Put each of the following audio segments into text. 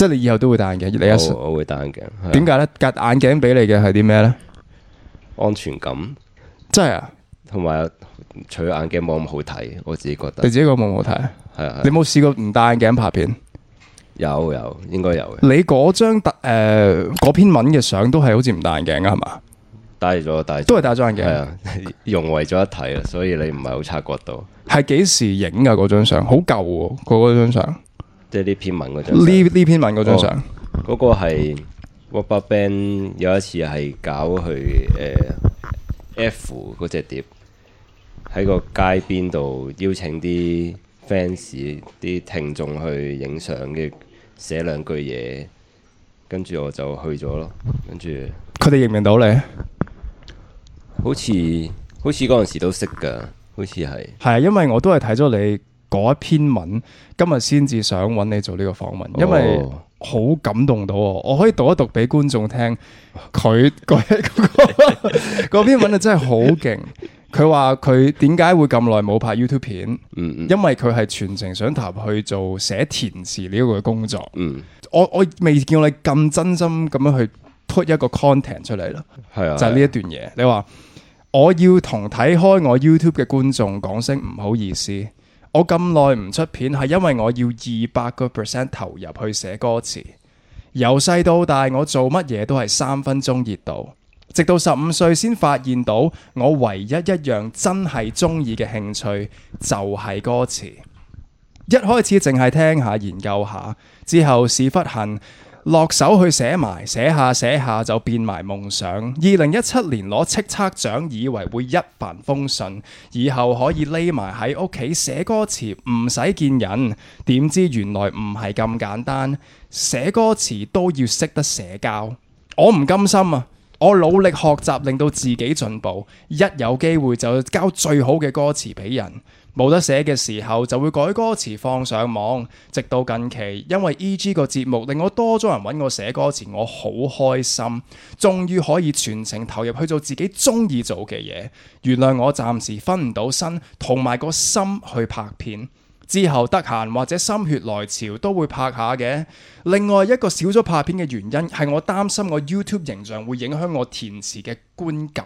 即係你以後都會戴眼鏡，你一叔我，我會戴眼鏡。點解咧？隔眼鏡俾你嘅係啲咩咧？安全感，真係的啊！同埋除咗眼鏡冇咁好睇，我自己覺得你自己個冇咁好睇係啊！是的 你冇試過唔戴眼鏡拍片？有有，應該有嘅。你嗰張誒嗰篇文嘅相都係好似唔戴眼鏡噶係嘛？戴咗，戴都係戴咗眼鏡，係啊，融為咗一體啊，所以你唔係好察覺到，係幾時影噶嗰張相？好舊個嗰張相。即係呢篇文嗰張，呢呢篇文嗰張相，嗰、哦嗰個係 RubberBand 有一次係搞佢、呃、F 嗰隻碟，喺個街邊度邀請啲 fans、啲聽眾去影相嘅，寫兩句嘢，跟住我就去咗咯，跟住佢哋認唔認到你？好似好似嗰陣時都識㗎，好似係係，因為我都係睇咗你。嗰一篇文今日先至想揾你做呢個訪問，因為好感動到我，我可以讀一讀俾觀眾聽。佢篇， 篇文真係好勁，佢話佢點解會咁耐冇拍 YouTube 片。嗯，因為佢係全程想投入去做寫填詞呢個工作。嗯，我我未見過你咁真心咁樣去 put 一個 content 出嚟咯。就係呢一段嘢，是啊是啊，你話我要同睇開我 YouTube 嘅觀眾講聲唔好意思。我咁耐唔出片，係因為我要二百個 percent 投入去寫歌詞。由細到大，我做乜嘢都係三分鐘熱度，直到十五歲先發現到我唯一一樣真係中意嘅興趣就係歌詞。一開始淨係聽下研究下，之後屎忽痕。落手去寫埋，寫下寫下就變埋夢想。二零一七年攞叱咤獎，以為會一帆風順，以後可以匿埋喺屋企寫歌詞，唔使見人。點知原來唔係咁簡單，寫歌詞都要識得社交。我唔甘心啊！我努力學習，令到自己進步。一有機會就交最好嘅歌詞俾人。冇得寫嘅時候，就會改歌詞放上網。直到近期，因為 EG 個節目令我多咗人揾我寫歌詞，我好開心，終於可以全情投入去做自己中意做嘅嘢。原諒我暫時分唔到身同埋個心去拍片。之後得閒或者心血來潮都會拍下嘅。另外一個少咗拍片嘅原因係我擔心我 YouTube 形象會影響我填詞嘅觀感。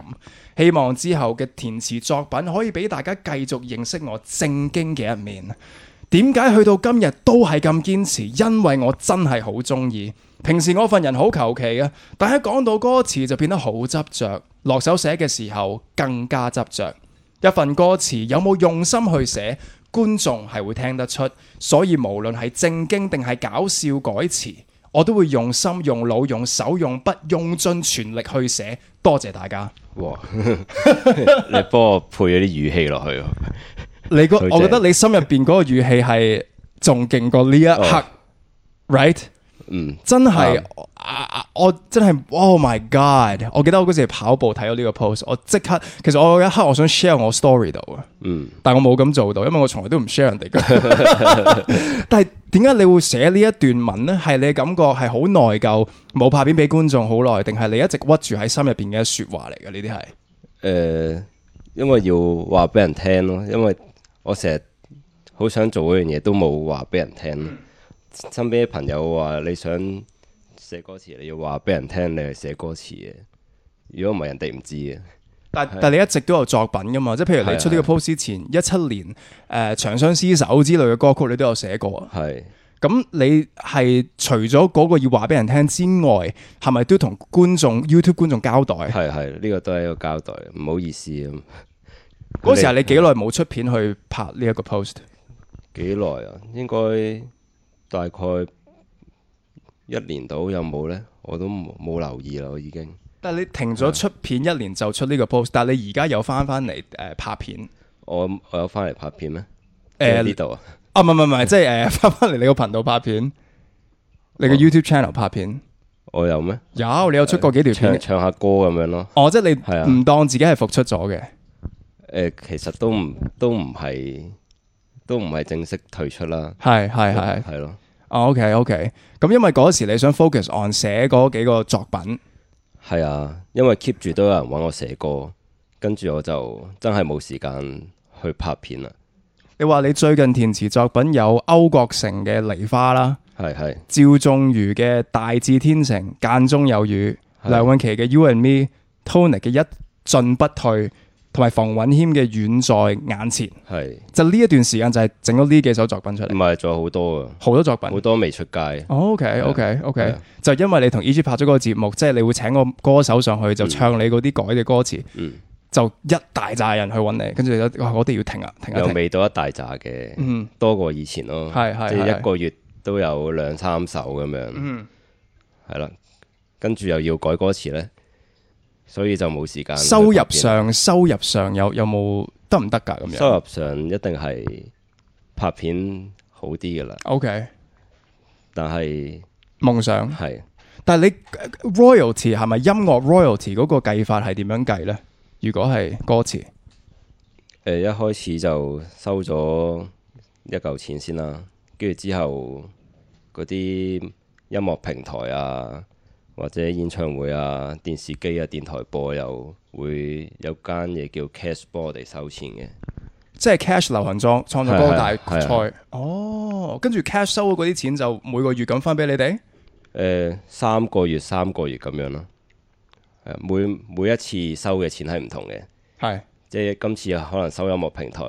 希望之後嘅填詞作品可以俾大家繼續認識我正經嘅一面。點解去到今日都係咁堅持？因為我真係好鍾意。平時我份人好求其呀，但係講到歌詞就變得好執着，落手寫嘅時候更加執着。一份歌詞有冇用心去寫？觀眾係會聽得出，所以無論係正經定係搞笑改詞，我都會用心、用腦、用手、用筆，用盡全力去寫。多謝大家。哇 你幫我配咗啲語氣落去。你個，我覺得你心入邊嗰個語氣係仲勁過呢一刻，oh.，right？嗯，真係是啊，啊！我真係 Oh my God！我記得我嗰時跑步睇到呢個 post，我即刻其實我有一刻我想 share 我 story 度啊，嗯，但我冇咁做到，因為我從來都唔 share 人哋嘅。 但係點解你會寫呢一段文呢？係你感覺係好內疚，冇拍片俾觀眾好耐，定係你一直屈住喺心入邊嘅說話嚟嘅？呢啲係誒，因為要話俾人聽咯，因為我成日好想做嗰樣嘢，都冇話俾人聽。 身邊嘅朋友話你想寫歌詞，你要話俾人聽，你係寫歌詞嘅。如果唔係，人哋唔知嘅。但但你一直都有作品㗎嘛？即係的譬如你出呢個 post 前一七的年，誒、呃《長相廝守》之類嘅歌曲，你都有寫過。係的。咁你係除咗嗰個要話俾人聽之外，係咪都同觀眾 YouTube 觀眾交代？係係，呢、這個都係一個交代。唔好意思。嗰 你時係你幾耐冇出片去拍呢一個 post？幾耐啊？應該。大概一年到有冇呢？我都冇留意啦，我已經。但係你停咗出片一年就出呢個 post，的但係你而家又翻翻嚟拍片？我我有翻嚟拍片咩？呢度、呃、啊？啊唔唔唔， 即係誒翻翻嚟你個頻道拍片，你個 YouTube channel 拍片？我，我有咩？有你有出過幾條片、呃？唱唱下歌咁樣咯。哦，即係你唔當自己係復出咗嘅、呃。其實都唔都唔係。都唔係正式退出啦，係系系係咯。哦，OK OK，咁因為嗰時你想 focus on 寫嗰幾個作品，係啊，因為 keep 住都有人搵我寫歌，跟住我就真係冇時間去拍片啦。你話你最近填詞作品有歐國成嘅《梨花》啦，係係，趙仲如嘅《大智天成》，間中有雨，的梁詠琪嘅《You and Me》，Tony 嘅《一進不退》。同埋馮允謙嘅遠在眼前，係，就呢一段時間就係整咗呢幾首作品出嚟，唔係仲有好多啊，好多作品，好多未出街。OK OK OK，就因為你同 E.G 拍咗嗰個節目，即係你會請個歌手上去就唱你嗰啲改嘅歌詞，就一大扎人去揾你，跟住我哋要停啊，停又未到一大扎嘅，多過以前咯，係係，即係一個月都有兩三首咁樣，嗯，係啦，跟住又要改歌詞呢。所以就冇時間。收入上，收入上有有冇得唔得噶咁樣？行行啊，收入上一定係拍片好啲噶啦。OK，但係是夢想係，是但係你 royalty 係咪音樂 royalty 嗰個計法係點樣計呢？如果係歌詞，呃，一開始就收咗一嚿錢先啦，跟住之後嗰啲音樂平台啊。或者演唱會啊、電視機啊、電台播，又會有間嘢叫 Cash 幫我哋收錢嘅。即係 Cash 流行裝創創作光大賽哦，跟住 Cash 收嗰啲錢就每個月咁返俾你哋、呃。三個月三個月咁樣咯。每每一次收嘅錢係唔同嘅。係的。即係今次可能收音樂平台，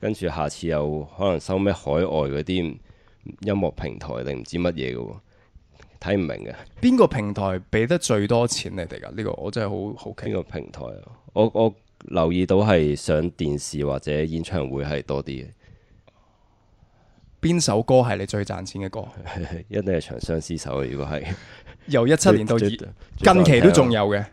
跟住下次又可能收咩海外嗰啲音樂平台定唔知乜嘢嘅喎。睇唔明嘅，邊個平台俾得最多錢你哋㗎？呢、這個我真係好好奇。呢個平台啊？我我留意到係上電視或者演唱會係多啲嘅。邊首歌係你最賺錢嘅歌？一定係《長相廝守》。如果係是由一七年到 最近期都仲有嘅，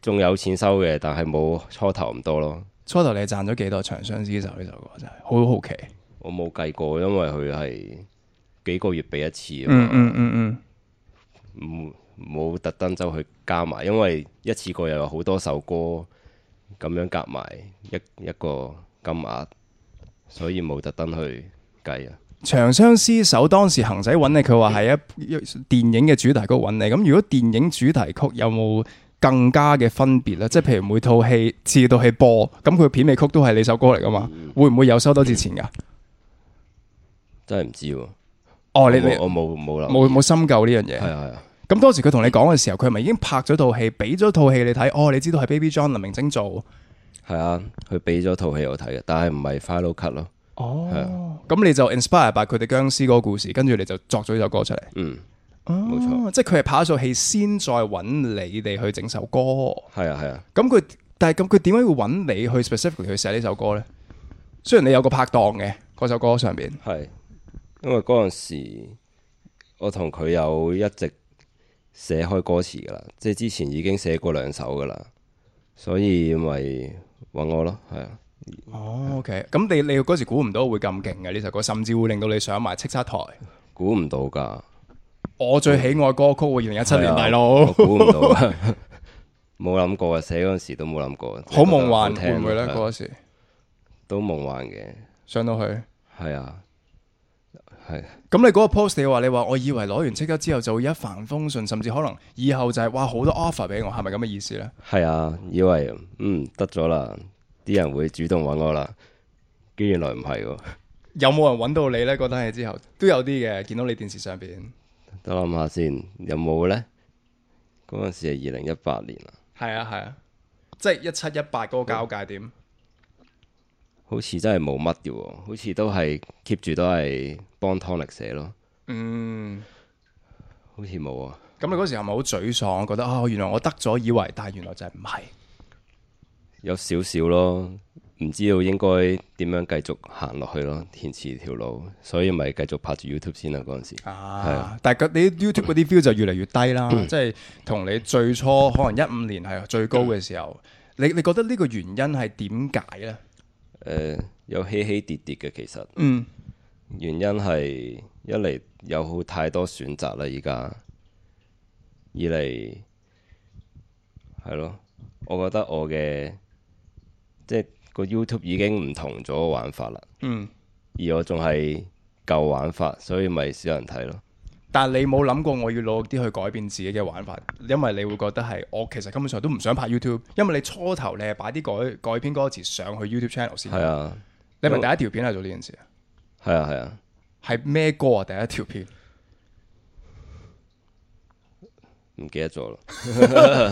仲有錢收嘅，但係冇初頭唔多咯。初頭你賺咗幾多《長相廝守》呢首歌？真係好好奇，我冇計過，因為佢係幾個月俾一次嗯。嗯嗯嗯嗯。唔，冇特登走去加埋，因為一次過又有好多首歌咁樣夾埋一一個金額，所以冇特登去計啊。《長相廝守》當時恆仔揾你，佢話係一電影嘅主題曲揾你。咁、嗯、如果電影主題曲有冇更加嘅分別咧？即係譬如每套戲次到戲播，咁佢片尾曲都係呢首歌嚟噶嘛？會唔會有收多啲錢噶？真係唔知喎、啊。哦，你你我冇，冇冇冇深究呢樣嘢，係啊係啊。咁、啊、當時佢同你講嘅時候，佢係咪已經拍咗套戲，俾咗套戲你睇？哦，你知道係 Baby John 林明晶做，係啊，佢俾咗套戲我睇嘅，但係唔係 Final Cut 咯。哦，咁、啊、你就 inspire by 佢哋僵屍嗰個故事，跟住你就作咗呢首歌出嚟。嗯，冇錯、哦，錯即係佢係拍咗套戲先，再揾你哋去整首歌。係啊係啊，咁佢、啊、但係咁佢點解會揾你去 specifically 去寫呢首歌呢？雖然你有個拍檔嘅嗰首歌上邊係。因為嗰陣時，我同佢有一直寫開歌詞噶啦，即係之前已經寫過兩首噶啦，所以咪揾我咯，係啊。哦，OK，咁你你嗰時估唔到會咁勁嘅呢首歌，甚至會令到你上埋叱咤台，估唔到噶。我最喜愛歌曲喎，二零一七年大佬，我估唔到啊，冇諗過啊，寫嗰陣時都冇諗過。好夢幻，會唔會咧？嗰時都夢幻嘅，上到去係啊。係，咁你嗰個 post 你話你話我以為攞完即刻之後就會一帆風順，甚至可能以後就係、是、哇好多 offer 俾我，係咪咁嘅意思呢？係啊，以為嗯得咗啦，啲人會主動揾我啦，既然原來唔係喎。有冇人揾到你呢？嗰單嘢之後都有啲嘅，見到你電視上邊。等諗下先，有冇呢？嗰陣時係二零一八年啊。係啊係啊，即係一七一八嗰個交界點。好似真係冇乜嘅，好似都係 keep 住都係幫 tonic 寫咯。嗯，好似冇啊。咁你嗰時候唔係好沮喪，覺得啊，哦，原來我得咗以為，但係原來就係唔係。有少少咯，唔知道應該點樣繼續行落去咯，填詞條路，所以咪繼續拍住 YouTube 先啦。嗰陣時啊，係啊，啊但係你 YouTube 嗰啲 view 就越嚟越低啦，即係同你最初可能一五年係最高嘅時候，你 你覺得呢個原因係點解呢？誒、呃、有起起跌跌嘅其實，嗯、原因係一嚟有好太多選擇啦而家，二嚟係咯，我覺得我嘅即係個 YouTube 已經唔同咗玩法啦，嗯、而我仲係舊玩法，所以咪少人睇咯。但係你冇諗過我要攞啲去改變自己嘅玩法，因為你會覺得係我其實根本上都唔想拍 YouTube，因為你初頭你係擺啲改改編歌詞上去 YouTube channel 先。係啊，你問第一條片係做呢件事啊？係啊係啊，係咩、啊、歌啊？第一條片唔記得咗咯，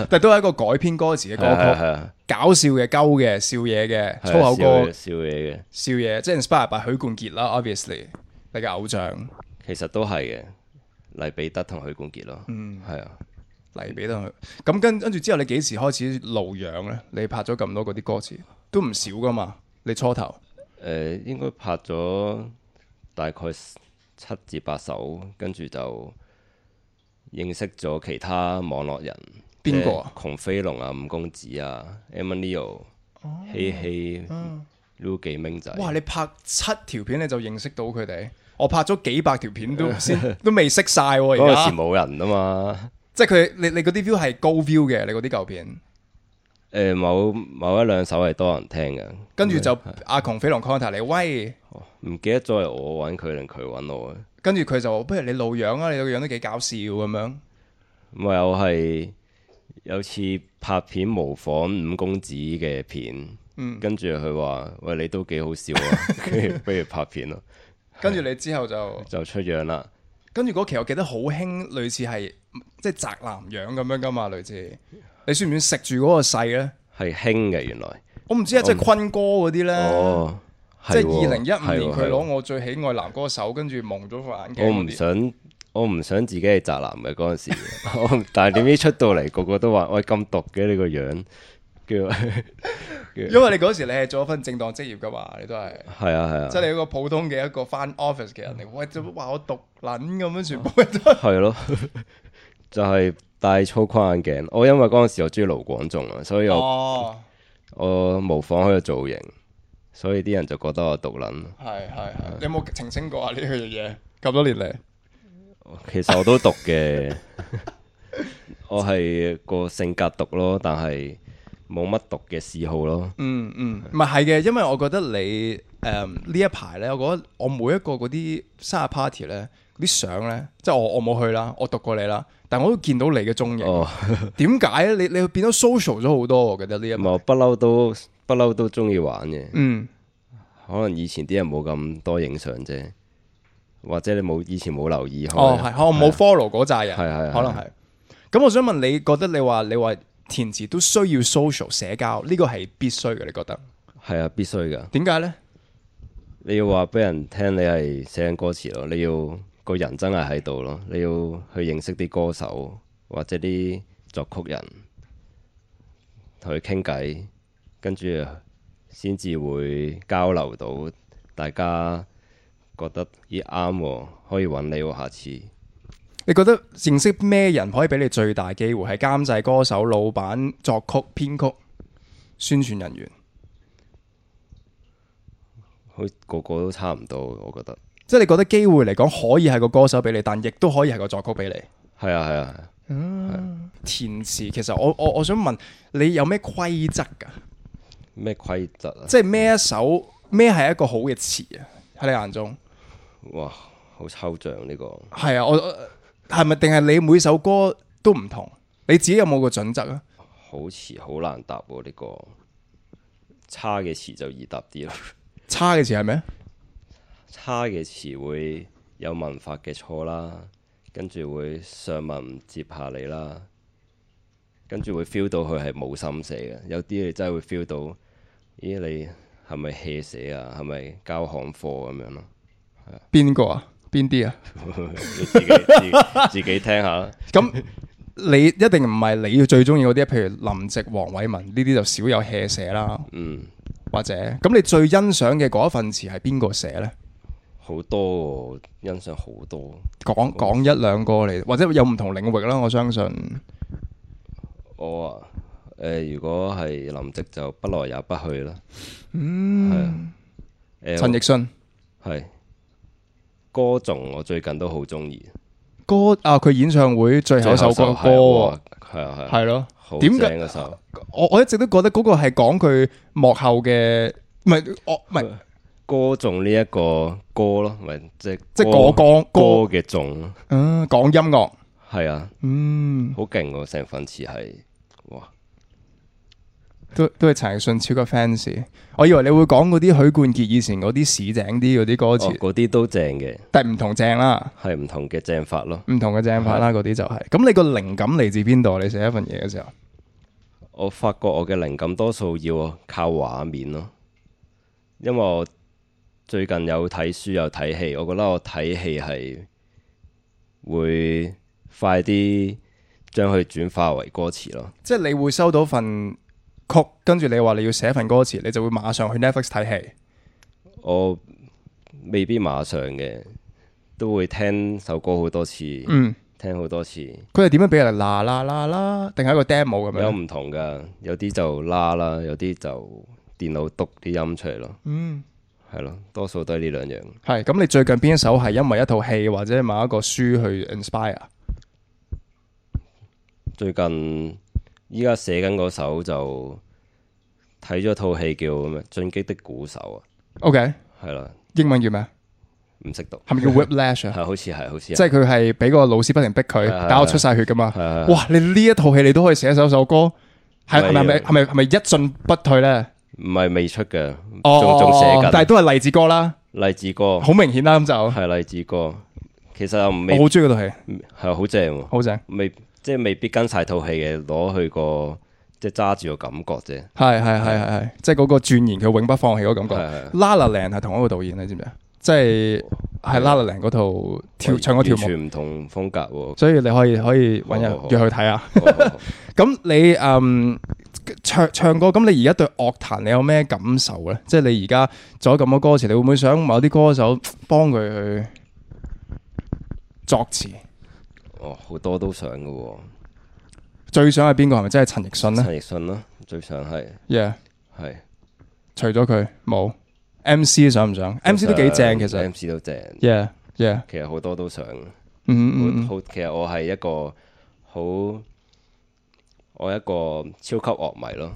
但係都係一個改編歌詞嘅歌曲，啊啊啊、搞笑嘅勾嘅笑嘢嘅、啊、粗口歌，笑嘢嘅笑嘢，笑嘢即係 Inspire by 許冠傑啦，Obviously 你嘅偶像，其實都係嘅。黎彼得同許冠傑咯，係、嗯、啊，黎彼得佢，咁跟跟住之後你幾時開始露樣咧？你拍咗咁多嗰啲歌詞都唔少㗎嘛？你初頭誒、呃，應該拍咗大概七至八首，跟住就認識咗其他網絡人，邊個啊？窮、呃、飛龍啊，五公子啊，Eman Leo，希希，盧記明仔。哇！你拍七條片你就認識到佢哋。我拍咗幾百條片都都未識晒。啊，嗰陣 時冇人啊嘛！即係佢你你嗰啲 view 係高 view 嘅，你嗰啲舊片誒、呃，某某一兩首係多人聽嘅。跟住就 阿窮飛龍 contact 嚟喂，唔記得咗係我揾佢定佢揾我？跟住佢就不如你露樣啊！你個樣都幾搞笑咁樣。咪又係有次拍片模仿五公子嘅片，嗯、跟住佢話喂，你都幾好笑啊！不如拍片咯。跟住你之後就就出樣啦。跟住嗰期我記得好興，類似係即係宅男樣咁樣㗎嘛，類似。你算唔算食住嗰個勢呢？係興嘅原來。我唔知啊，不即係坤哥嗰啲呢，哦、即係二零一五年佢攞、哦哦、我最喜愛男歌手，哦、跟住矇咗副眼鏡。我唔想，我唔想自己係宅男嘅嗰陣時。 但係點知出到嚟個個都話：喂，咁毒嘅呢個樣！叫， 因為你嗰時你係做咗份正當職業噶嘛，你都係係啊係啊，啊即係你一個普通嘅一個返 office 嘅人嚟，哇、嗯！咁話，我毒撚咁樣全部係咯、啊 就係、是、戴粗框眼鏡。我因為嗰陣時我中意盧廣仲啊，所以我、哦、我模仿佢嘅造型，所以啲人就覺得我毒撚。係係係，你有冇澄清過啊？呢樣嘢咁多年嚟，其實我都毒嘅， 我係個性格毒咯，但係。冇乜讀嘅嗜好咯，嗯。嗯嗯，唔係嘅，因為我覺得你誒呢一排咧，呃、我覺得我每一個嗰啲生日 party 咧，啲相咧，即係我我冇去啦，我讀過你啦，但我都見到你嘅蹤影。哦噢，點解咧？你你變咗 social 咗好多，我覺得呢一唔係，我不嬲都不嬲都中意玩嘅。嗯，可能以前啲人冇咁多影相啫，或者你冇以前冇留意。哦，係、喔，我冇 follow 嗰扎人，係係，可能係。咁我想問你，你覺得你話你話？你填詞都需要 social 社交，呢個係必須嘅，你覺得？係啊，必須嘅。點解呢？你要話俾人聽，你係寫緊歌詞咯，你要個人真係喺度咯，你要去認識啲歌手或者啲作曲人，同佢傾偈，跟住先至會交流到大家覺得依啱，可以揾你喎，下次。你覺得認識咩人可以俾你最大機會？係監製、歌手、老闆、作曲、編曲、宣傳人員，好，個個都差唔多，我覺得。即係你覺得機會嚟講，可以係個歌手俾你，但亦都可以係個作曲俾你。係啊，係啊。係啊，填詞其實我我我想問你有咩規則噶？咩規則啊？即係咩一首咩係一個好嘅詞啊？喺你眼中？哇，好抽象呢、這個。係啊，我。係咪？定係你每首歌都唔同？你自己有冇個準則啊？好詞好難答喎，呢個差嘅詞就易答啲咯。差嘅詞係咩？差嘅詞會有文法嘅錯啦，跟住會上文接下你啦，跟住會 feel 到佢係冇心寫嘅。有啲你真係會 feel 到，咦、欸？你係咪 hea 寫啊？係咪交行貨咁樣咯？係邊個啊？邊啲啊？你自己自己聽下。咁你一定唔係你要最中意嗰啲啊？譬如林夕、黃偉文呢啲就少有寫寫啦。嗯。或者，咁你最欣賞嘅嗰一份詞係邊個寫呢？好多，欣賞好多。講講一兩個嚟，或者有唔同領域啦。我相信。我啊，誒，如果係林夕，就不來也不去啦。嗯。係啊。誒，陳奕迅。係。歌頌，我最近都好中意歌啊！佢演唱會最，最後一首歌，歌，係啊係，係咯，點解嗰首？我我一直都覺得嗰個係講佢幕後嘅，唔係我唔係歌頌呢一個歌咯，咪、即係、即即講歌嘅頌，嗯，講音樂係啊，嗯，好勁個成份詞係。都都係陳奕迅超級 fans，我以為你會講嗰啲許冠傑以前嗰啲市井啲嗰啲歌詞，嗰啲、哦、都正嘅，但係唔同正啦，係唔同嘅正法咯，唔同嘅正法啦、就是，嗰啲就係。咁你個靈感嚟自邊度？你寫一份嘢嘅時候，我發覺我嘅靈感多數要靠畫面咯，因為我最近有睇書有睇戲，我覺得我睇戲係會快啲將佢轉化為歌詞咯。即係你會收到份。曲跟住你話你要寫份歌詞，你就會馬上去 Netflix 睇戲。我未必馬上嘅，都會聽首歌好多次，嗯，聽好多次。佢係點樣俾人啦啦啦啦？定係一個 demo 咁樣？有唔同噶，有啲就啦啦，有啲就電腦讀啲音出嚟咯。嗯，係咯，多數都係呢兩樣。係咁，你最近邊一首係因為一套戲或者某一個書去 inspire？最近。依家寫緊嗰首就睇咗套戲叫《進擊的鼓手》啊，OK，係啦，英文叫咩？唔識讀，係咪叫 Whiplash？係，好似係，好似。即係佢係俾個老師不停逼佢搞到出晒血噶嘛？哇！你呢一套戲，你都可以寫一首首歌，係咪？係咪？係咪？係咪一進不退咧？唔係未出嘅，仲仲寫緊，但係都係勵志歌啦。勵志歌好明顯啦，咁就係勵志歌。其實我唔，我好中意嗰套戲，係好正，好正，未。即係未必跟晒套戲嘅，攞去個即係揸住個感覺啫。係係係係係，即係嗰個鑽研佢永不放棄嗰個感覺。La La Land 同一個導演，你知唔知啊？即係係 La La Land 嗰套唱唱個跳舞完全唔同風格，所以你可以可以揾人入去睇下。咁 你嗯唱唱歌，咁你而家對樂壇你有咩感受咧？即係你而家做咗咁多歌詞，你會唔會想某啲歌手幫佢去作詞？哦，好多都想嘅喎。最想係邊個？係咪真係陳奕迅咧？陳奕迅咯，最想係。Yeah，係想。除咗佢冇 MC 想唔想？MC 都幾正，其實 MC 都正。Yeah，yeah yeah。其實好多都想。嗯、yeah. mm，好、hmm。其實我係一個好，我一個超級樂迷咯，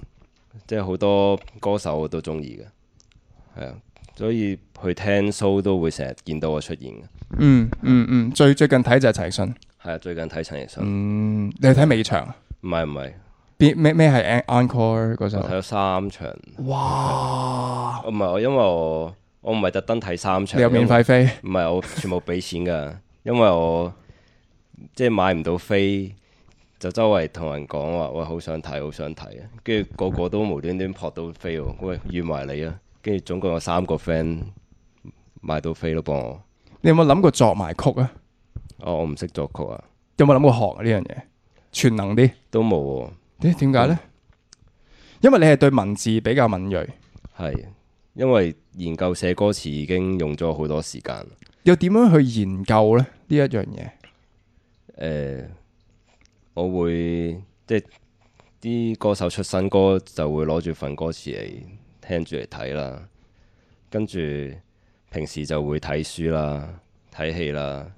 即係好多歌手我都中意嘅。係啊，所以去聽 show 都會成日見到我出現嘅。Mm hmm. 嗯嗯嗯，最最近睇就係陳奕迅。係啊，最近睇陳奕迅。嗯，你睇尾場？唔係唔係，邊咩咩係 Encore 嗰陣？我睇咗三場。哇！唔係我，因為我我唔係特登睇三場。你有免費飛？唔係我全部俾錢噶，因為我即係買唔到飛，就周圍同人講話，我好想睇，好想睇，跟住個個都無端端撲到飛喎，喂，預埋你啊！跟住總共有三個 friend 買到飛咯，幫我。你有冇諗過作埋曲啊？哦，我唔識作曲啊。有冇諗過學呢樣嘢全能啲都冇。咦？點解呢？嗯、因為你係對文字比較敏銳。係，因為研究寫歌詞已經用咗好多時間。又點樣去研究咧？呢一樣嘢？誒、呃，我會即係啲歌手出新歌，就會攞住份歌詞嚟聽住嚟睇啦。跟住平時就會睇書啦，睇戲啦。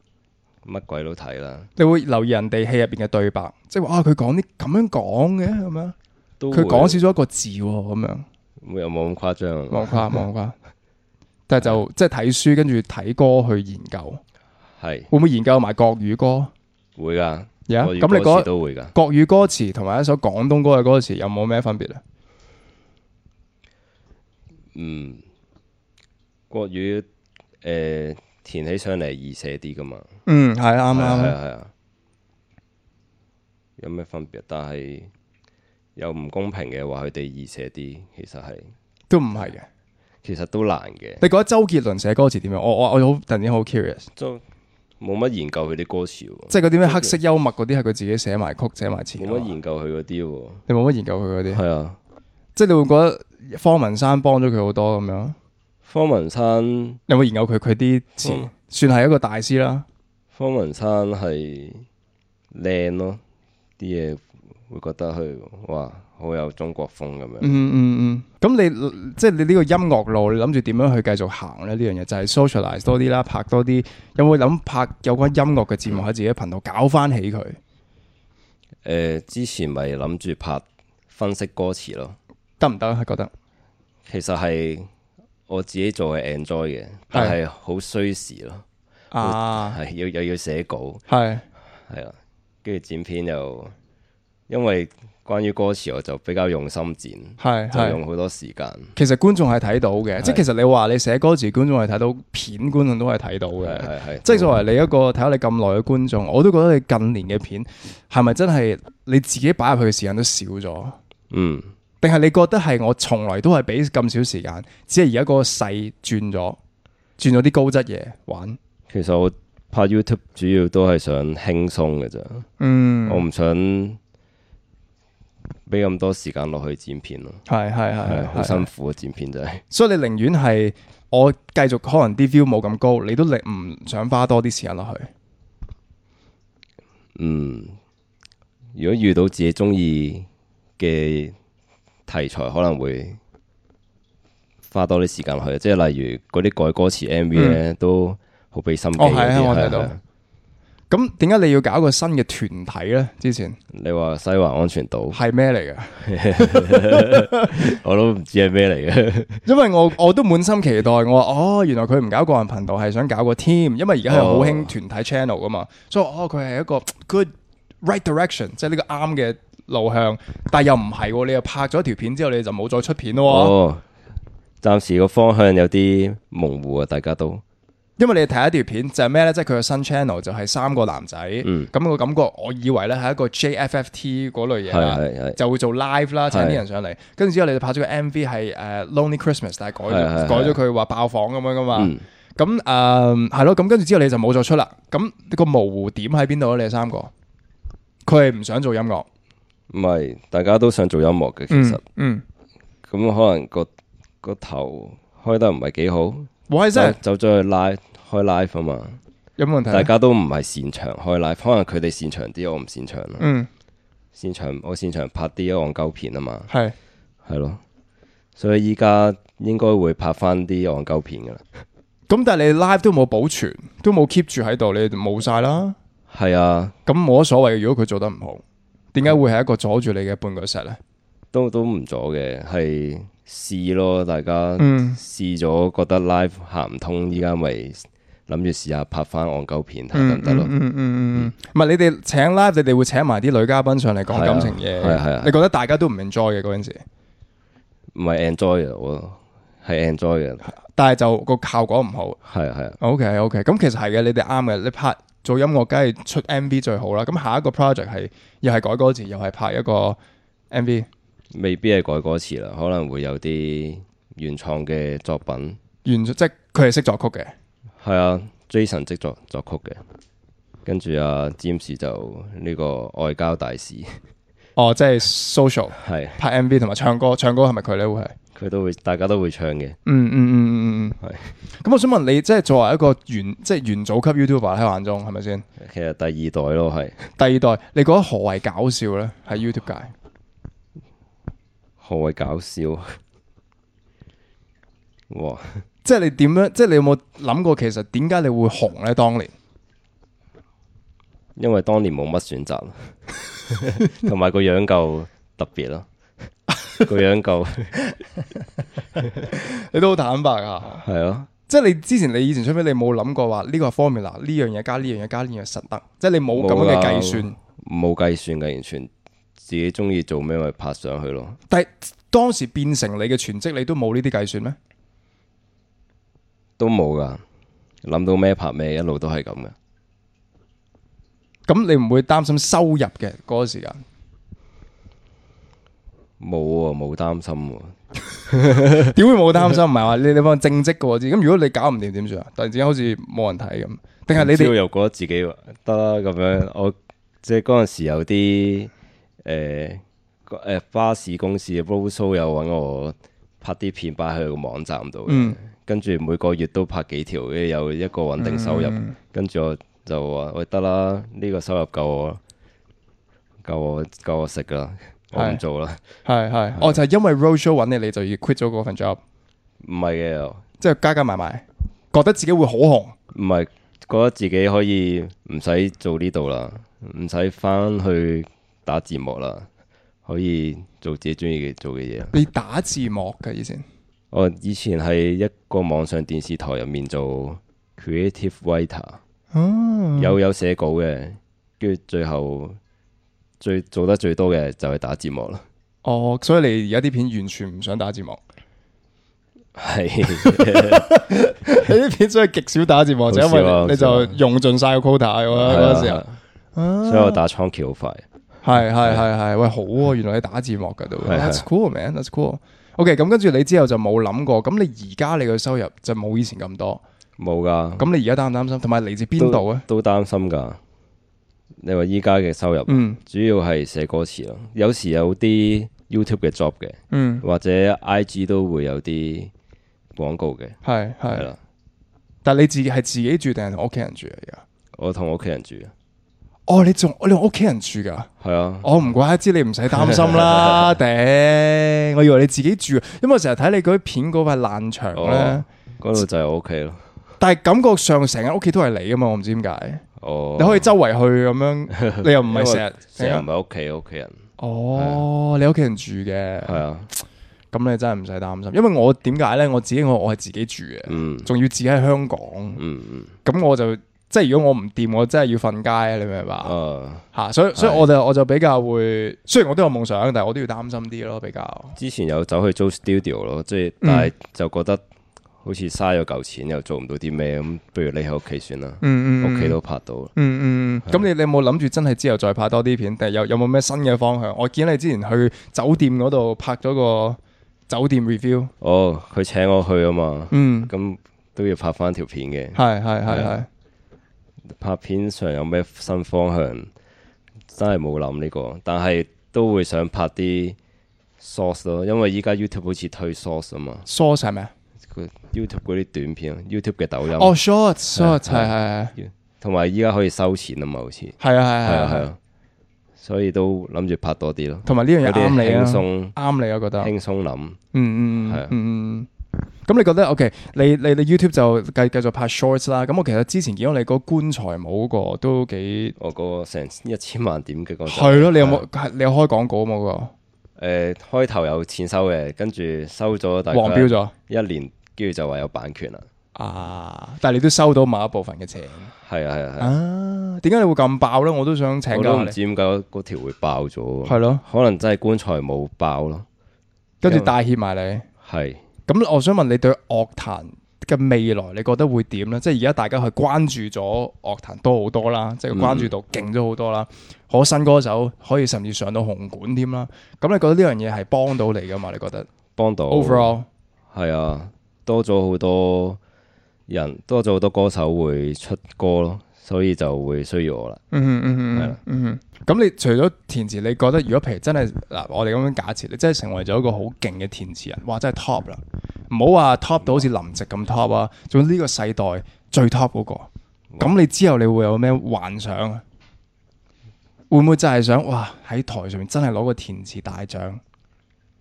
乜鬼都睇啦！你會留意人哋戲入邊嘅對白，即係話啊，佢講啲咁樣講嘅，係咪佢講少咗一個字咁樣，有冇咁誇張，冇誇冇誇。 但係就即係睇書，跟住睇歌去研究，係是會唔會研究埋國語歌？會噶。而家咁你覺得國語歌詞同埋一首廣東歌嘅歌詞有冇咩分別啊？嗯，國語誒。呃填起上嚟易寫啲噶嘛？嗯，係啱啱係啊係啊，有咩分別？但係有唔公平嘅話，佢哋易寫啲，其實係都唔係嘅。其實都難嘅。你覺得周杰倫寫歌詞點樣？我我我好突然間好 curious。冇乜研究佢啲歌詞，欸，即係嗰啲咩黑色幽默嗰啲，係佢自己寫埋曲、寫埋詞。冇乜研究佢嗰啲，你冇乜研究佢嗰啲？係啊的，即係你會覺得方文山幫咗佢好多咁樣。 方文山有冇研究佢佢啲詞？嗯、算係一個大師啦。方文山係靚咯，啲嘢會覺得佢哇好有中國風咁樣，嗯。嗯嗯嗯。咁你即係你呢個音樂路，你諗住點樣去繼續行咧？呢樣嘢就係 socialize 多啲啦，拍多啲。有冇諗拍有關音樂嘅節目喺自己頻道搞翻起佢？誒、嗯呃，之前咪諗住拍分析歌詞咯，得唔得啊？係覺得其實係。我自己做係 enjoy 嘅，但係好需時咯，係要又要寫稿，係係啦，跟住剪片又，因為關於歌詞我就比較用心剪，係的就用好多時間。其實觀眾係睇到嘅，的即係其實你話你寫歌詞，觀眾係睇到；片觀眾都係睇到嘅，係係。即係作為你一個睇咗你咁耐嘅觀眾，我都覺得你近年嘅片係咪真係你自己擺入去嘅時間都少咗？嗯。定係你覺得係我從來都係俾咁少時間，只係而家個勢轉咗，轉咗啲高質嘢玩。其實我拍 YouTube 主要都係想輕鬆嘅咋。嗯，我唔想俾咁多時間落去剪片咯。係係係，好辛苦啊剪片就係。所以你寧願係我繼續可能啲 view 冇咁高，你都唔想花多啲時間落去。嗯，如果遇到自己中意嘅。題材可能會花多啲時間落去，即係例如嗰啲改歌詞 M V 咧、嗯，都好俾心機嗰啲咁點解你要搞一個新嘅團體咧？之前你話西環安全島係咩嚟嘅？我都唔知係咩嚟嘅，因為我我都滿心期待。我話哦，原來佢唔搞個人頻道，係想搞個 team，因為而家係好興團體 channel 噶嘛。哦、所以哦，佢係一個 good right direction，即係呢個啱嘅。路向，但又唔係、啊，你又拍咗一條片之後，你就冇再出片咯。哦，暫時個方向有啲模糊啊，大家都。因為你睇一條片就係、是、咩呢？即係佢個新 channel 就係三個男仔，咁、嗯、個感覺，我以為呢係一個 JFFT 嗰類嘢、嗯、就會做 live 啦，嗯、請啲人上嚟，跟住、嗯、之後你就拍咗個 MV 係誒《uh, Lonely Christmas》嗯，但係改咗，改咗佢話爆房咁樣噶嘛。咁誒係咯，咁跟住之後你就冇再出啦。咁、呢個模糊點喺邊度咧？你三個，佢係唔想做音樂。唔係，大家都想做音樂嘅，其實，嗯，咁、嗯、可能個個頭開得唔係幾好，why 就再去 live 開 live 啊嘛，有冇問題？大家都唔係擅長開 live，可能佢哋擅長啲，我唔擅長啦。嗯，擅長我擅長拍啲惡搞片啊嘛，係係是咯，所以依家應該會拍翻啲惡搞片噶啦。咁但係你 live 都冇保存，都冇 keep 住喺度，你冇晒啦。係啊，咁冇乜所謂。如果佢做得唔好。點解會係一個阻住你嘅半個石咧？都都唔阻嘅，係試咯。大家試咗覺得 live 行唔通，依家咪諗住試下拍翻戇鳩片睇得唔得咯？唔係你哋請 live，你哋會請埋啲女嘉賓上嚟講感情嘢。係係啊，啊啊你覺得大家都唔 enjoy 嘅嗰陣時，唔係 enjoy 咯，係 enjoy 嘅。En 但係就個效果唔好。係啊係、啊、OK OK，咁其實係嘅，你哋啱嘅呢 p 做音樂梗係出 MV 最好啦，咁下一個 project 係又係改歌詞，又係拍一個 MV，未必係改歌詞啦，可能會有啲原創嘅作品。原即係佢係識作曲嘅，係啊，Jason 識作作曲嘅，跟住啊 James 就呢個外交大使。哦，即係 social 係 是拍 MV 同埋唱歌，唱歌係咪佢咧會係？佢都會，大家都會唱嘅、嗯。嗯嗯嗯嗯嗯嗯，係、嗯。咁是我想問你，即係作為一個元，即係元祖級 YouTuber 喺眼中，係咪先？其實第二代咯，係第二代。你覺得何謂搞笑咧？喺 YouTube 界，何謂搞笑？哇！即係你點樣？即係你有冇諗過？其實點解你會紅咧？當年，因為當年冇乜選擇，同埋 個樣夠特別咯。個樣夠， 你都好坦白啊！係啊，即係你之前你以前出邊你冇諗過話呢個係 formula 呢樣嘢加呢樣嘢加呢樣嘢實得，即係你冇咁樣嘅計算，冇計算嘅，完全自己中意做咩咪拍上去咯。但係當時變成你嘅全職，你都冇呢啲計算咩？都冇噶，諗到咩拍咩，一路都係咁嘅。咁你唔會擔心收入嘅嗰個時間？冇啊，冇擔心喎。點會冇擔心？唔係話你，你方正職嘅喎，咁如果你搞唔掂點算啊？突然之間好似冇人睇咁，定係你哋又覺得自己得啦咁樣？我即係嗰陣時有啲誒誒巴士公司嘅 roadshow 又揾我拍啲片擺喺佢個網站度嘅，跟住、嗯、每個月都拍幾條，跟住有一個穩定收入，跟住、嗯、我就話：喂，得啦，呢、呢個收入夠我夠我夠我食㗎啦。我唔做啦？係係，我係、哦、就係、是、因為 roadshow 搵你，你就要 quit 咗嗰份 job。唔係嘅，即係加加埋埋，覺得自己會好紅。唔係，覺得自己可以唔使做呢度啦，唔使翻去打字幕啦，可以做自己中意嘅做嘅嘢。你打字幕嘅，以前？我以前係一個網上電視台入面做 creative writer、嗯。有有寫稿嘅，跟住最後。最做得最多嘅就係打字幕啦。哦，所以你而家啲片完全唔想打字幕。係，你啲片真係極少打字幕，就因為你就用盡晒個 quota 啊嘛。嗰陣時啊，所以我打窗橋好快。係係係係，喂，好啊，原來你打字幕噶都。That's cool, man. That's cool. OK，咁跟住你之後就冇諗過。咁你而家你個收入就冇以前咁多。冇噶。咁你而家擔唔擔心？同埋嚟自邊度啊？都擔心噶。你話依家嘅收入，主要係寫歌詞咯。嗯、有時有啲 YouTube 嘅 job 嘅，嗯、或者 IG 都會有啲廣告嘅。係係啦。了但係你自己係自己住定係屋企人住啊？我同屋企人住。人住哦，你仲我同屋企人住噶？係啊。我唔、哦、怪得知你唔使擔心啦。頂，我以為你自己住，因為我成日睇你嗰片嗰塊爛牆咧，嗰度、哦、就係我屋企咯。但係感覺上成間屋企都係你噶嘛？我唔知點解。哦，你可以周圍去咁樣，你又唔係成日，成日唔係屋企屋企人。哦、oh, 的，你屋企人住嘅，係啊的，咁你真係唔使擔心，因為我點解咧？我自己我我係自己住嘅，嗯，仲要自己喺香港，嗯，咁我就即係如果我唔掂，我真係要瞓街，你明白？誒、嗯，吓，所以所以我就的我就比較會，雖然我都有夢想，但係我都要擔心啲咯，比較。之前有走去租 studio 咯，即係，但係就覺得、嗯。好似嘥咗嚿錢又做唔到啲咩咁，不如你喺屋企算啦。嗯嗯，屋企都拍到。嗯嗯咁你你有冇諗住真係之後再拍多啲片？定有有冇咩新嘅方向？我見你之前去酒店嗰度拍咗個酒店 review。哦，佢請我去啊嘛。嗯。咁都要拍翻條片嘅。係係係係。拍片上有咩新方向？真係冇諗呢個，但係都會想拍啲 source 咯，因為依家 YouTube 好似推 source 啊嘛。source 係咩啊？YouTube 嗰啲短片 YouTube 嘅抖音哦，Shorts，Shorts 係係係，同埋依家可以收錢啊嘛，好似係啊係啊係啊，所以都諗住拍多啲咯。同埋呢樣嘢啱你啊，啱你啊，我覺得輕鬆諗，嗯嗯嗯，嗯嗯咁你覺得 OK？你你你，你，你，你，你 YouTube 就繼繼續，續拍 Shorts 啦。咁我其實之前見到你個棺材冇個都幾，我嗰成一千萬點擊嘅個係咯，你有冇？的你有開廣告啊嘛個？誒、嗯，開頭有錢收嘅，跟住收咗大家，黃標咗一年。跟住就話有版權啦，啊！但係你都收到某一部分嘅錢，係啊係啊係啊。點解、啊啊啊、你會咁爆呢？我都想請教你。我都唔知點解嗰條會爆咗。係咯、啊，可能真係棺材冇爆咯。跟住帶挈埋你。係。咁我想問你對樂壇嘅未來你覺得會點呢？即係而家大家係關注咗樂壇多好多啦，即、就、係、是、關注度勁咗好多啦。可、嗯、新歌手可以甚至上到紅館添啦。咁你覺得呢樣嘢係幫到你噶嘛？你覺得？幫到。Overall。係啊。多咗好多人，多咗好多歌手會出歌咯，所以就會需要我啦、嗯。嗯是的 嗯嗯嗯，係啦，嗯，咁你除咗填詞，你覺得如果譬如真係嗱，我哋咁樣假設，你真係成為咗一個好勁嘅填詞人，哇，真係 top 啦！唔好話 top 到好似林夕咁 top 啊，仲呢個世代最 top 嗰、嗰個。咁你之後你會有咩幻想啊？會唔會就係想哇喺台上面真係攞個填詞大獎，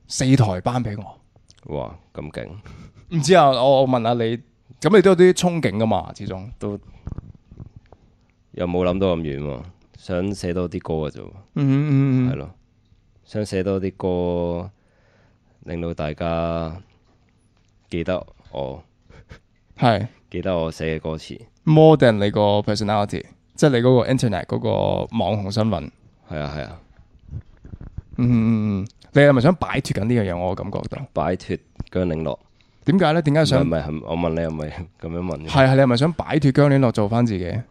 四台頒俾我？哇，咁勁！唔知問問啊，我我問下你，咁你都有啲憧憬噶嘛？始終都又冇諗到咁遠喎，想寫多啲歌嘅啫。嗯嗯嗯，係咯，想寫多啲歌，令到大家記得我，係是記得我寫嘅歌詞。More than 你個 personality，即係你嗰個 internet 嗰、嗰個網紅新聞。係啊係啊，啊嗯嗯嗯。你係咪想擺脫緊呢樣嘢？我感覺到擺脫薑檸樂。點解呢？點解想？唔係，我問你係咪咁樣問？係係，你係咪想擺脫薑檸樂做翻自己？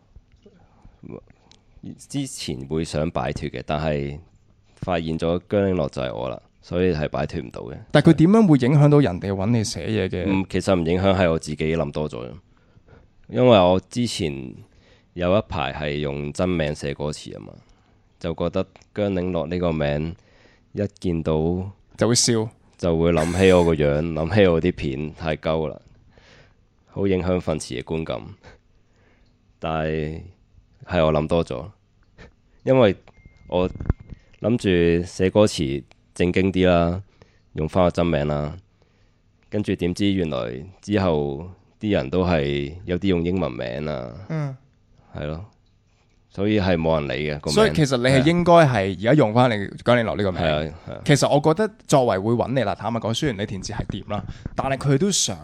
之前會想擺脫嘅，但係發現咗薑檸樂就係我啦，所以係擺脫唔到嘅。但係佢點樣會影響到人哋揾你寫嘢嘅？其實唔影響，係我自己諗多咗。因為我之前有一排係用真名寫歌詞啊嘛，就覺得薑檸樂呢個名。一見到就會笑，就會諗起我個樣，諗 起我啲片太鳩啦，好影響粉絲嘅觀感。但係係我諗多咗，因為我諗住寫歌詞正經啲啦，用翻個真名啦。跟住點知原來之後啲人都係有啲用英文名啊，係咯、嗯。所以係冇人理嘅。那個、所以其實你係應該係而家用翻你薑檸樂呢個名。啊啊、其實我覺得作為會揾你啦，坦白講，雖然你填字係掂啦，但係佢都想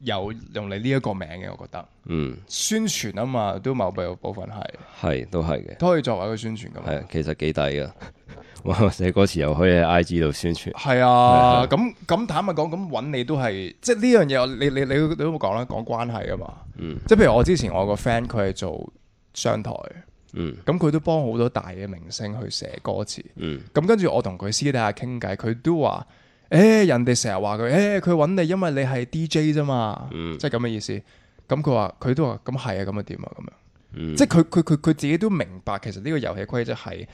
有用你呢一個名嘅，我覺得。嗯。宣傳啊嘛，都某部分係。係，都係嘅。都可以作為一個宣傳咁。係其實幾抵嘅。我寫歌詞又可以喺 IG 度宣傳。係啊。咁咁、啊、 坦白講，咁揾你都係，即係呢樣嘢。你你你都冇講啦，講關係啊嘛。嗯、即係譬如我之前我個 friend 佢係做商台。嗯，咁佢都幫好多大嘅明星去寫歌詞，嗯，咁跟住我同佢私底下傾偈，佢都話，誒，人哋成日話佢，誒，佢搵你，因為你係 DJ 啫嘛，即係咁嘅意思，咁佢話，佢都話，咁係啊，咁啊點啊，咁樣，嗯、即係佢佢佢佢自己都明白，其實呢個遊戲規則係，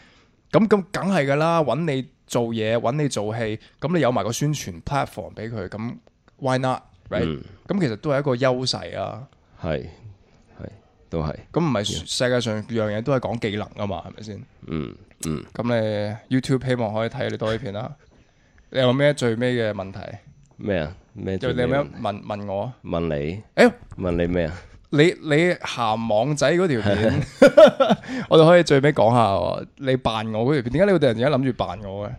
咁咁梗係噶啦，搵你做嘢，搵你做戲，咁你有埋個宣傳 platform 俾佢，咁 why not right？嗯，咁、嗯嗯、其實都係一個優勢啊，係、嗯。都係，咁唔係世界上樣嘢都係講技能吖嘛，係咪先？嗯嗯，咁你 YouTube 希望可以睇你多啲片啦。你有咩最尾嘅問題？咩啊？咩？就你有咩問問我？問你？誒？問你咩啊？你你鹹網仔嗰條片，我就可以最尾講下。你扮我嗰條片，點解你會突然間諗住扮我嘅？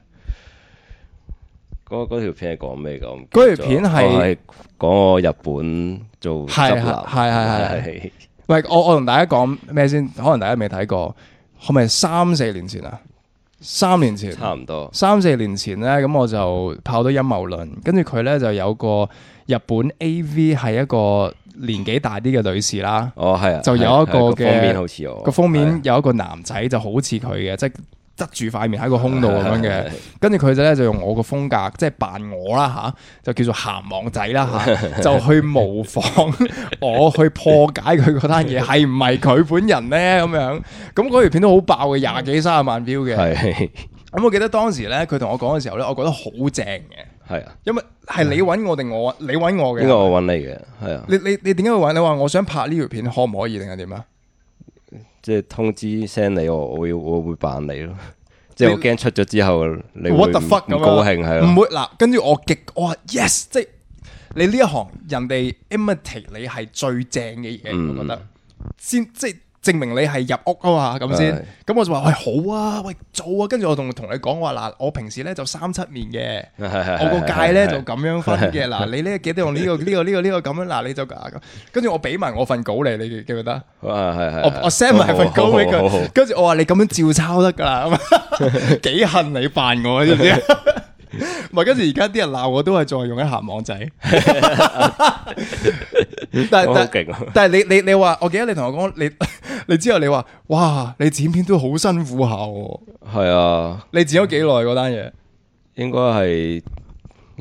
嗰嗰條片係講咩？講嗰條片係講我日本做執笠，係係係係。唔，我我同大家講咩先？可能大家未睇過，係咪三四年前啊？三年前，差唔多三四年前呢。咁我就跑到陰謀論，跟住佢呢就有個日本 AV 係一個年紀大啲嘅女士啦。哦，係啊，就有一個嘅、啊啊啊嗰個、個封面有一個男仔就好似佢嘅，即得住塊面喺個空度咁樣嘅，跟住佢就咧就用我個風格，即係扮我啦吓，就叫做咸網仔啦吓，就去模仿我去破解佢嗰單嘢係唔係佢本人咧咁樣，咁嗰條片都好爆嘅，廿幾三十萬標嘅。係咁 我記得當時咧，佢同我講嘅時候咧，我覺得好正嘅。係啊，因為係你揾我定我你揾我嘅？呢個我揾你嘅。係啊，你 你你點解要揾？你話我想拍呢條片可唔可以定係點啊？即係通知聲你，我我要我會辦理咯。即係我驚出咗之後你會唔唔高興係，唔咁樣係啊會嗱，跟住我極我話 yes，即係你呢一行人哋 imitate 你係最正嘅嘢，嗯、我覺得先即係。即證明你係入屋啊嘛，咁先，咁我就話喂，好啊，喂，做啊，跟住我同同你講，我話嗱，我平時咧就三七年嘅，我個界咧就咁樣分嘅，嗱，你呢幾多用呢個呢個呢個呢個咁樣，嗱你就咁，跟住我俾埋我份稿嚟，你記唔記得？我我 send 埋份稿俾佢，跟住我話你咁樣照抄得噶啦，幾恨你扮我，知唔知？唔係，跟住而家啲人鬧我都係再用一下網仔。但係、啊、但 但係你你你話，我記得你同我講，你你之後你話，哇，你剪片都好辛苦下喎。係啊，是啊你剪咗幾耐嗰單嘢？應該係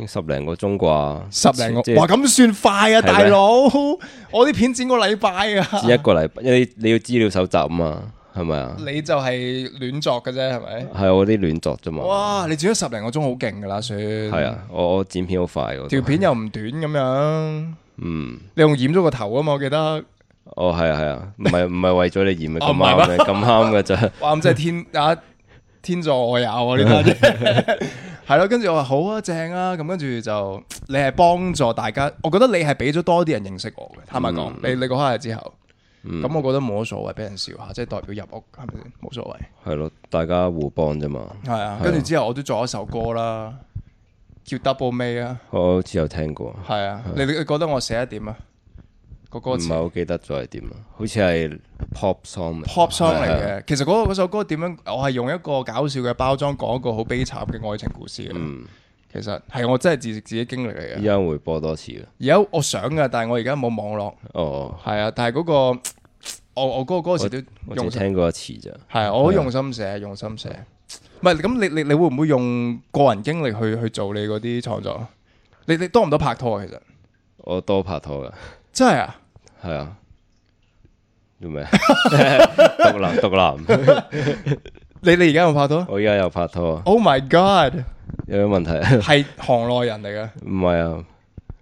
十零個鐘啩。十零個是哇，咁算快啊，的大佬！我啲片剪個禮拜啊。剪一個禮拜，你你要資料搜集啊嘛。係咪啊？你就係亂作嘅啫，係咪？係我啲亂作啫嘛。哇！你剪咗十零個鐘，好勁噶啦，算。係啊，我剪片好快，條、那個、片、嗯、又唔短咁樣。嗯。你用染咗個頭啊嘛？我記得。哦，係啊，係啊，唔係唔係為咗你染、 oh,，係咁啱嘅，咁啱嘅啫。哇、 嗯！ 咁即係天啊，天助我有呢個。係咯，跟住我話好啊，正啊、bueno,，咁跟住就你係幫助大家，我覺得你係俾咗多啲人認識我嘅，係咪講？你你講下之後。咁、嗯、我覺得冇乜所謂，俾人笑下，即係代表入屋，係咪冇所謂。係咯，大家互幫啫嘛。係啊的，跟住的之後我都做一首歌啦，叫 Double May 啊。我好似有聽過。係啊的，的你你覺得我寫得點啊？個歌詞唔係好記得咗係點啊？好似係 pop song。嚟嘅，的的其實嗰個首歌點樣？我係用一個搞笑嘅包裝，講一個好悲慘嘅愛情故事嘅。嗯其實係我真係自自己經歷嚟嘅，依家會播多次啦。而家我想噶，但係我而家冇網絡。哦，係啊，但係嗰、嗰個我我嗰嗰、嗰個、時都用，我只聽過一次啫。係啊，我好用心寫，用心寫。唔係咁，你你你會唔會用個人經歷去去做你嗰啲創作？你你多唔多拍拖啊？其實我多拍拖噶。真係啊？係啊？做咩？獨 男，獨男。 你你而家有拍拖？我而家有拍拖啊！Oh my god！有咩問題？係行內人嚟嘅？唔係啊，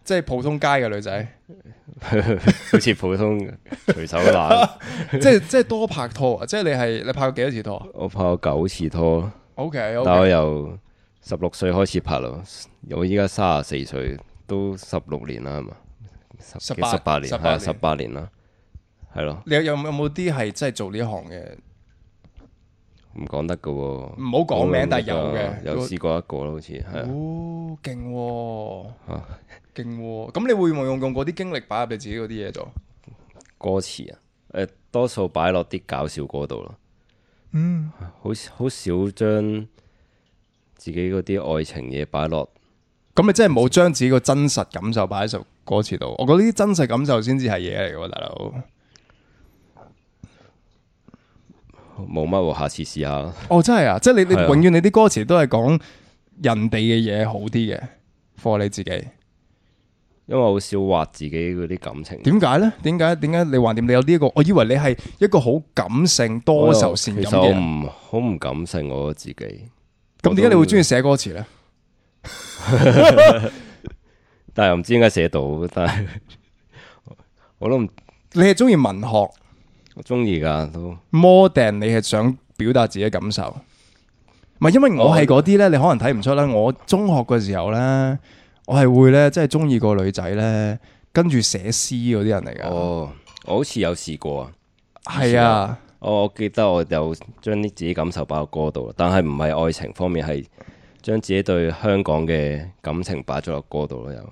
即係普通街嘅女仔， 好似普通隨 手打 ，即係即係多拍拖啊！即係你係你拍過幾多次拖？我拍過九次拖。O K 但我由十六歲開始拍咯，我依家三十四歲，都十六年啦，係嘛？十八八年十八十八年啦，係咯。你有有有冇啲係真係做呢行嘅？唔講得噶喎，唔好講名，但係有嘅，有試過一個咯，好似係。哦，勁喎，勁、哦，咁、哦啊哦、你會唔會用用嗰啲經歷擺入你自己嗰啲嘢度？歌詞啊，呃、多數擺落啲搞笑歌度咯。嗯，好好少將自己嗰啲愛情嘢擺落。咁、嗯、你真係冇將自己個真實感受擺喺首歌詞度？我覺得啲真實感受先至係嘢嚟噶喎，大佬。冇乜下次試下。哦，真係啊，即係你你永遠你啲歌詞都係講人哋嘅嘢好啲嘅，for 你自己。因為好少話自己嗰啲感情。點解咧？點解？點解？你話點？你有呢、這個？我以為你係一個好感性多、多愁善感嘅人。我唔好唔感性我自己。咁點解你會中意寫歌詞咧？ 但係又唔知點解寫到，但係我，我都唔。你係中意文學。我中意噶都。model 你係想表達自己感受，唔係因為我係嗰啲呢，oh, 你可能睇唔出啦。我中學嘅時候呢，我係會呢，即係中意個女仔呢，跟住寫詩嗰啲人嚟噶。哦，oh, 我好似有試過啊。係啊，oh, 我記得我有將啲自己感受擺落歌度，但係唔係愛情方面，係將自己對香港嘅感情擺咗落歌度咯又。有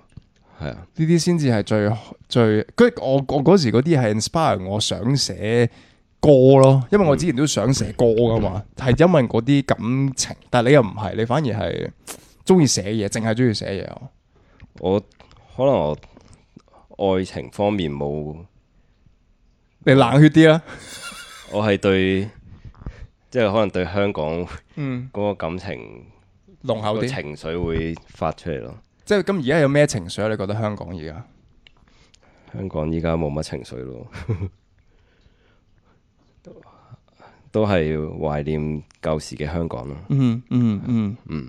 呢啲先至係最最，我嗰時嗰啲係 inspire 我想寫歌咯，因為我之前都想寫歌噶嘛，係、嗯、因為嗰啲感情，但係你又唔係，你反而係中意寫嘢，淨係中意寫嘢。我可能我愛情方面冇，你冷血啲啦。我係對，即係可能對香港，嗰個感情濃厚啲，嗯、情緒會發出嚟咯。即係咁，而家有咩情緒啊？你覺得香港而家？香港依家冇乜情緒咯， 都係懷念舊時嘅香港咯，嗯。嗯嗯嗯嗯。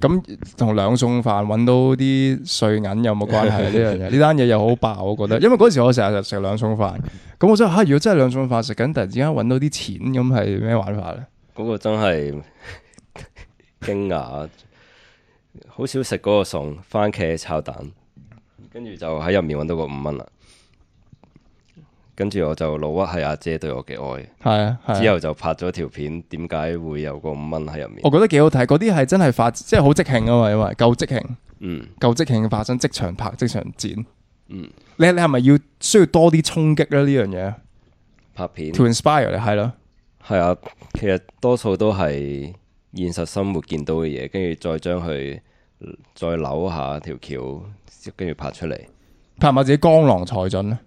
咁同，嗯、兩餸飯揾到啲碎銀有冇關係？呢樣嘢，呢單嘢又好爆，我覺得。因為嗰陣時我成日就食兩餸飯，咁我想吓，啊，如果真係兩餸飯食緊，突然之間揾到啲錢，咁係咩玩法咧？嗰個真係驚訝。 好少食嗰個餸，番茄炒蛋，跟住就喺入面揾到個五蚊啦。跟住我就老屈係阿姐對我嘅愛。係啊，啊之後就拍咗條片，點解會有個五蚊喺入面？我覺得幾好睇，嗰啲係真係發，即係好即興啊嘛，因為夠即興，嗯，夠即興發生，即場拍，即場剪，嗯，你你係咪要需要多啲衝擊呢？呢樣嘢拍片，to inspire 你係咯，係啊，啊，其實多數都係現實生活見到嘅嘢，跟住再將佢。再扭下條橋，跟住拍出嚟，拍埋自己江郎才盡咧？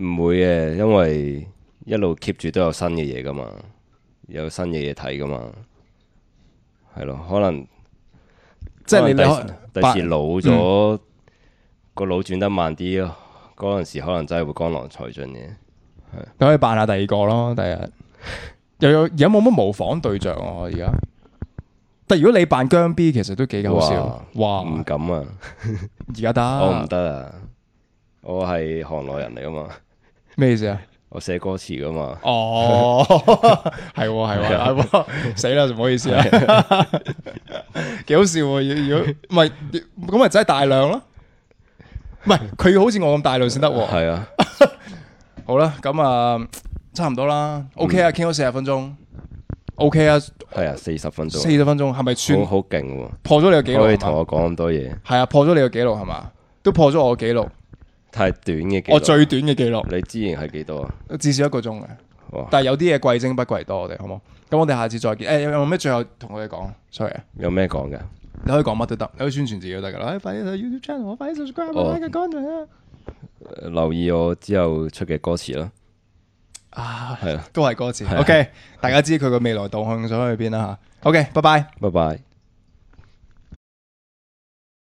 唔會嘅，因為一路 keep 住都有新嘅嘢噶嘛，有新嘅嘢睇噶嘛，係咯，可能即係你可能第時老咗個腦轉得慢啲咯，嗰陣時可能真係會江郎才盡嘅，係，你可以扮下第二個咯，第日又有而家冇乜模仿對象我而家。但如果你扮薑 B，其實都幾搞笑。哇！唔哇敢啊，而家得我唔得啊？我係行內人嚟噶嘛。咩 意思啊？我寫歌詞噶嘛。 哦，係係係， 死啦！唔好意思啊，幾 好笑啊。如果唔係咁咪真係大量咯。唔係，佢好似我咁大量先得。係啊。好啊， 好啦，咁啊，差唔多啦。OK 啊，嗯，傾咗四十分鐘。O、okay、K 啊，係啊，四十分鐘，四十分鐘係咪算好勁喎？啊、破咗你個紀錄，可以同我講咁多嘢。係啊，破咗你個紀錄係嘛？都破咗我紀錄，太短嘅記錄，我最短嘅記錄。你之前係幾多啊？至少一個鐘嘅、啊，哇但係有啲嘢貴精不貴多，我哋好唔好？咁我哋下次再見。誒、欸，有冇咩最後同我哋講？Sorry，有咩講嘅？你可以講乜都得，你可以宣傳自己都得噶啦。快啲去 YouTube Channel，快啲 subscribe，快啲、啊哦、留意我之後出嘅歌詞啦。啊，係啦的，都係歌詞，OK，大家知佢個未來動向想去邊啦吓，OK，拜拜，拜拜。